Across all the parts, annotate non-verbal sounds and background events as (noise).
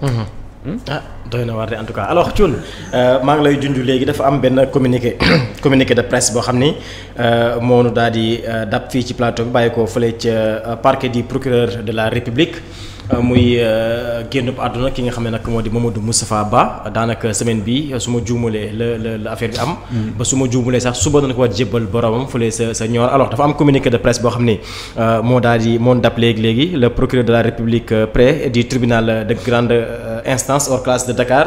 Mhm. Hmm? ah doy na war en tout cas alors Thioune euh, maa ngi lay junj léegi dafa am benn communiqué (coughs) communiqué de presse boo xam ni euh, moonu daal di euh, dab fii ci plateau bi bàyyi ko fële ca parquet du procureur de la République muy euh, génn bu àdduna ki nga xam ne nag moo di Mamadou Moustapha Ba daanaka semaine bi euh, su ma juumalee la la la affaire bi am. Mm-hmm. ba su ma juumalee sax suba na ko war jébbal boromam fële sa sa ñor alors dafa am communiqué de presse boo xam ne euh, moo daal di moo dab léegi léegi le procureur de la République près du tribunal de grande instance hors classe de Dakar.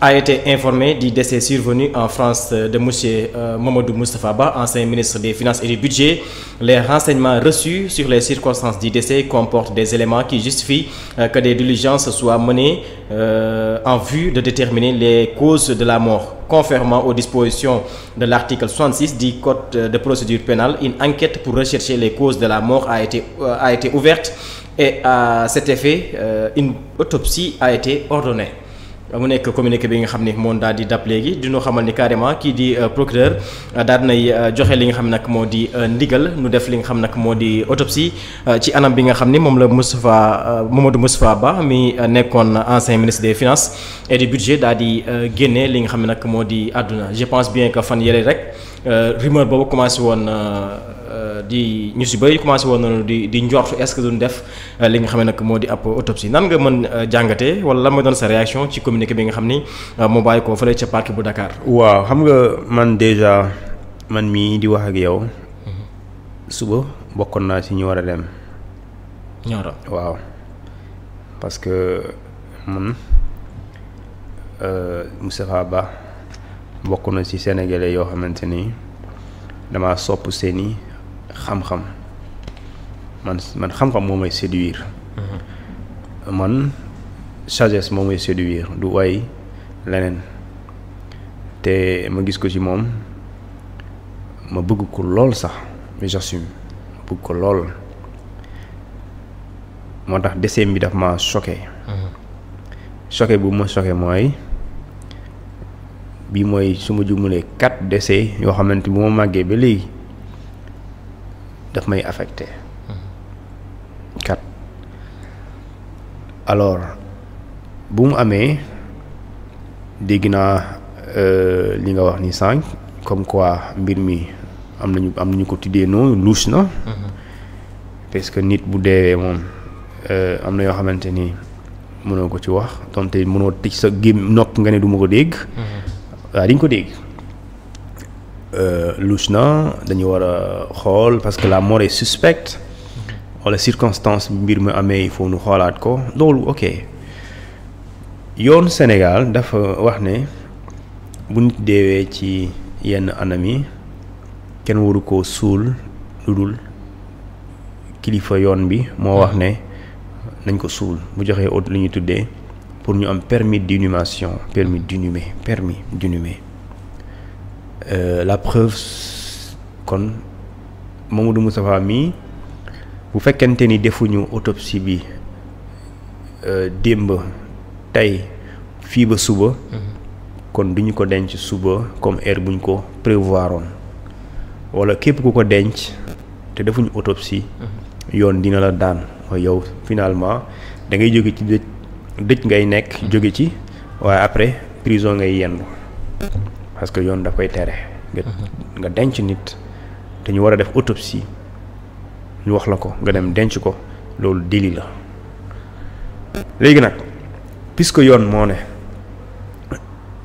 a été informé du décès survenu en France monsieur euh, Mamadou Moustapha Ba, ancien ministre des Finances et du Budget. Les renseignements reçus sur les circonstances du décès des éléments qui justifient euh, que des diligences soient menées euh, en vue de déterminer les causes de la mort. Conformément aux dispositions de l'article 66 du Code de procédure pénale, une enquête pour rechercher les causes de la mort a été euh, a été ouverte et à cet effet, euh, une autopsie a mu nekk communiqué bi nga xam ne moom daal di dab léegi di ñu xamal ni carrément kii di euh, procureur euh, daal nay euh, joxe li nga xam nag moo di ndigal nu def li nga xam nag moo di autopsie ci anam bi nga xam ni moom la Moustapha Mamadou Moustapha Ba mi nekkoon ancien ministre des finances et du budget daal di génnee li nga xam ne nag moo di àdduna je pense bien que fan yële rek rumeur boobu commencé woon. di ñu si bëri commencé woon nañu di di njort est-ce que duñ def euh, li nga xam ne nag moo di ab autopsie nan nga mën euh, jàngatee wala lan mooy doon sa réaction ci communiqué bi nga xam ni euh, moo bàyyi ko fële ca parc bu Dakar. waaw xam nga man déjà man mii di wax ak yow. Mhm. suba bokkoon naa ci ñu war a dem. Nioro waaw parce que man Moustapha Ba bokk na ci sénégalais yoo xamante ni dama sopp seeni xam-xam man man xam-xam moo may séduire mm-hmm. man sagesse moo may séduire du way leneen te ma gis ko ci moom ma bugg ko lool sax mais j'assume ma bëgg ko lool moo tax décès bi daf ma choqué mm-hmm. choqué bu ma choqué mooy bi mooy su ma jumulee quatre décès yoo xamante bu ma màggee ba léegi daf may affecté kat alors bu mu amee dégg naa euh, li nga wax ni sànq comme quoi mbir mi am nañu am nañu ko tuddee noonu louche na parce que nit bu deewee moom euh, am na yoo xamante ni mënoo ko ci wax donte mënoo tëj sa gém nokk nga ne duma ko dégg mhm. waaw di ko dégg Euh, louche na dañu war a xool parce que la mort est suspecte wala circonstance mbir mu amee il nu xoolaat ko loolu ok yoon Sénégal dafa wax ne bu nit deewee ci yenn anami yi kenn waru ko suul lu dul kilifa yoon bi moo wax ne nañ ko suul bu joxee ut lu ñuy tuddee pour ñu am permis d'inhumation permis d'inhumer permis d'inhumer Euh, la preuve kon Mamadou Moustapha mii bu fekkente ni defuñu autopsie bi euh, démb tey fii ba suba. Mhm. kon duñu ko denc suba comme heure buñ ko prévoir woon wala képp ku ko denc te defuñu autopsie. Mhm. yoon dina la daan yow finalement da ngay jóge ci dëj dëj ngay nekk. Mhm. jóge ci waaye après prison ngay yendu parce que yoon da koy tere. nga denc nit dañu war a def autopsie ñu wax la ko nga dem denc ko loolu délit la léegi nag que yoon moo ne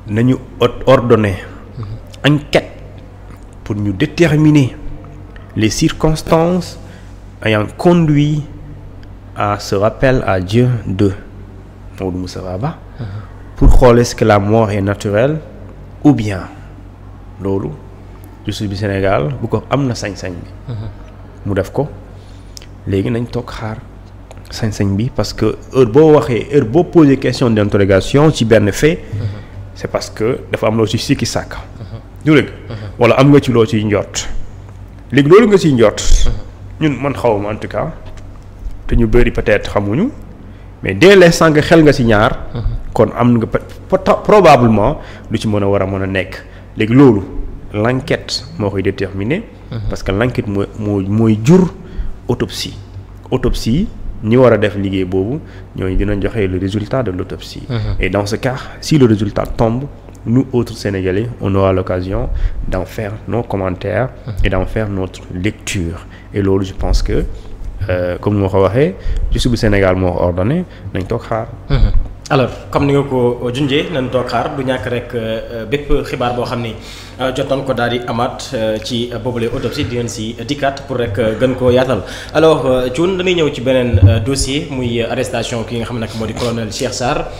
nañu ordonné enquête pour ñu déterminer les circonstances ayant conduit à ce rappel à Dieu de Maodo Moustapha Ba uh-huh. pour xoolee ce que la ou bien loolu justice bi Sénégal bu ko am na sañ-sañ bi mu def ko léegi nañ toog xaar sañ-sañ bi parce que heure boo waxee heure boo posé question d'interrogation ci benn fait c'est parce que dafa am loo ci sikki sàkk du rek wala am nga ci loo ciy njort léegi loolu nga ciy njort ñun man xawma en tout cas te ñu bëri peut-être xamuñu mais dès l'instant xel nga ci ñaar kon am na nga probablement lu ci mën a war a mën a nekk léegi loolu l'enquête moo koy déterminer mhm. parce que l'enquête mooy moo mooy jur autopsie autopsie ñi war a def liggéey boobu ñooñu dinañ joxe le résultat de l'autopsie mhm. et dans ce cas si le résultat tombe nous autres Sénégalais on aura l'occasion d'en faire nos commentaires mhm. et d'en faire notre lecture et loolu je pense que euh, comme moo ko waxee ci subu Sénégal moo ko ordonné nañ toog xaar alors comme ni nga ko euh, junjee nañ toog xaar du ñàkk rek euh, euh, bépp xibaar boo xam ni jotoon ko daal di amaat ci boobule autopsie di ngeen si dikkaat pour rek gën koo yaatal alors Thioune dañuy ñëw ci beneen dossier muy arrestation ki nga xam ne nag moo di colonel Cheikh Sarr.